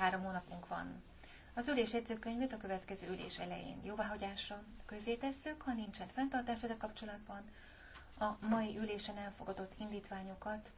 Három hónapunk van. Az ülés a következő ülés elején jóváhagyásra közé tesszük, ha nincsen fenntartás ezzel kapcsolatban. A mai ülésen elfogadott indítványokat